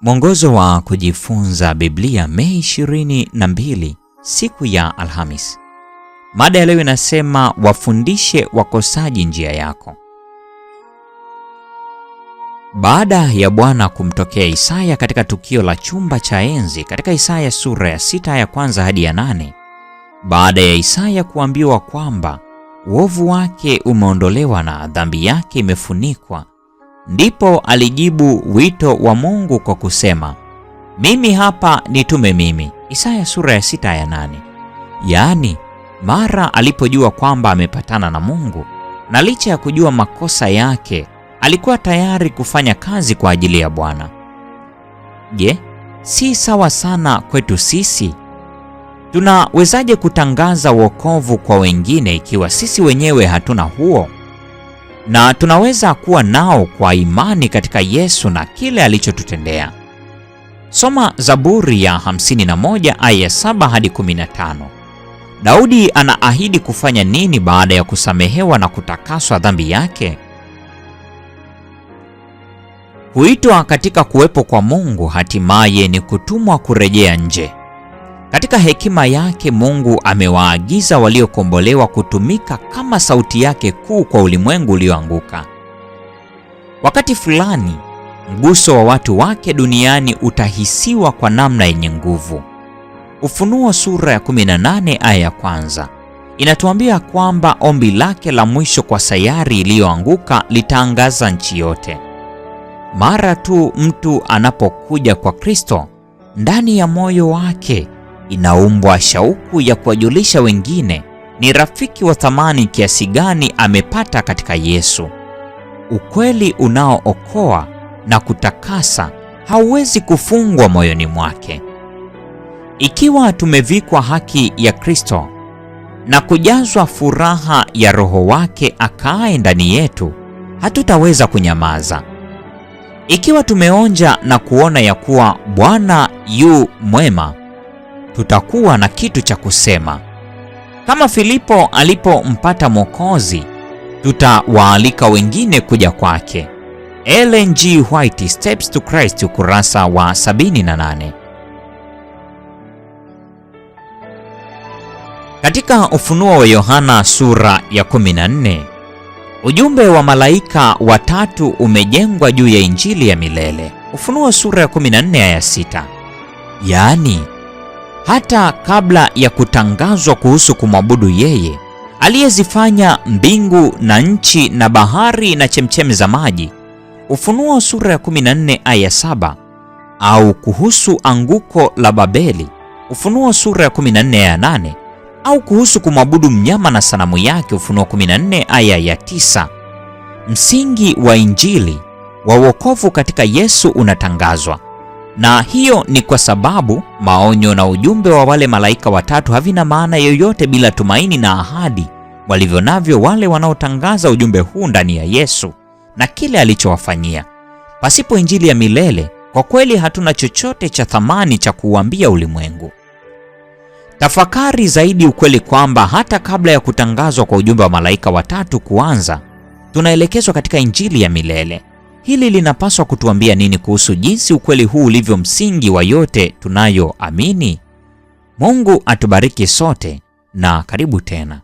Mwongozo wa kujifunza Biblia Mei 22 siku ya Alhamis. Mada ya leo inasema wafundishe wakosaji njia yako. Baada ya Bwana kumtokea Isaya katika tukio la chumba cha enzi katika Isaya sura ya sita ya kwanza hadi ya nane, baada ya Isaya kuambiwa kwamba uovu wake umeondolewa na dhambi yake imefunikwa Ndipo alijibu wito wa Mungu kwa kusema, mimi hapa nitume mimi. Isaya sura ya sita ya nane. Yaani, mara alipojua kwamba amepatana na Mungu na licha ya kujua makosa yake alikuwa tayari kufanya kazi kwa ajili ya Bwana. Je, si sawa sana kwetu sisi? Tunawezaje kutangaza wokovu kwa wengine ikiwa sisi wenyewe hatuna huo? na tunaweza kuwa nao kwa imani katika Yesu na kile alichotutendea. Soma Zaburi ya 51 aya 7 hadi 15. Daudi anaahidi kufanya nini baada ya kusamehewa na kutakaswa dhambi yake? Huitwa katika kuwepo kwa Mungu hatimaye ni kutumwa kurejea nje. Katika hekima yake Mungu amewaagiza waliokombolewa kutumika kama sauti yake kuu kwa ulimwengu ulioanguka. Wakati fulani, mguso wa watu wake duniani utahisiwa kwa namna yenye nguvu. Ufunuo sura ya 18 aya ya kwanza inatuambia kwamba ombi lake la mwisho kwa sayari iliyoanguka litaangaza nchi yote. Mara tu mtu anapokuja kwa Kristo, ndani ya moyo wake inaumbwa shauku ya kuwajulisha wengine ni rafiki wa thamani kiasi gani amepata katika Yesu. Ukweli unaookoa na kutakasa hauwezi kufungwa moyoni mwake. Ikiwa tumevikwa haki ya Kristo na kujazwa furaha ya Roho wake akaaye ndani yetu, hatutaweza kunyamaza. Ikiwa tumeonja na kuona ya kuwa Bwana yu mwema tutakuwa na kitu cha kusema. Kama Filipo alipompata Mwokozi, tutawaalika wengine kuja kwake. Ellen G. White, Steps to Christ, ukurasa wa 78. Katika ufunuo wa Yohana sura ya 14, ujumbe wa malaika watatu umejengwa juu ya injili ya milele. Ufunuo sura ya 14 aya 6, yaani hata kabla ya kutangazwa kuhusu kumwabudu yeye aliyezifanya mbingu na nchi na bahari na chemchemi za maji, Ufunuo sura ya 14 aya 7, au kuhusu anguko la Babeli, Ufunuo sura ya 14 aya 8, au kuhusu kumwabudu mnyama na sanamu yake, Ufunuo 14 aya ya 9, msingi wa Injili wa wokovu katika Yesu unatangazwa na hiyo ni kwa sababu maonyo na ujumbe wa wale malaika watatu havina maana yoyote bila tumaini na ahadi walivyo navyo wale wanaotangaza ujumbe huu ndani ya Yesu na kile alichowafanyia. Pasipo injili ya milele, kwa kweli hatuna chochote cha thamani cha kuuambia ulimwengu. Tafakari zaidi ukweli kwamba hata kabla ya kutangazwa kwa ujumbe wa malaika watatu kuanza, tunaelekezwa katika injili ya milele. Hili linapaswa kutuambia nini kuhusu jinsi ukweli huu ulivyo msingi wa yote tunayoamini? Mungu atubariki sote na karibu tena.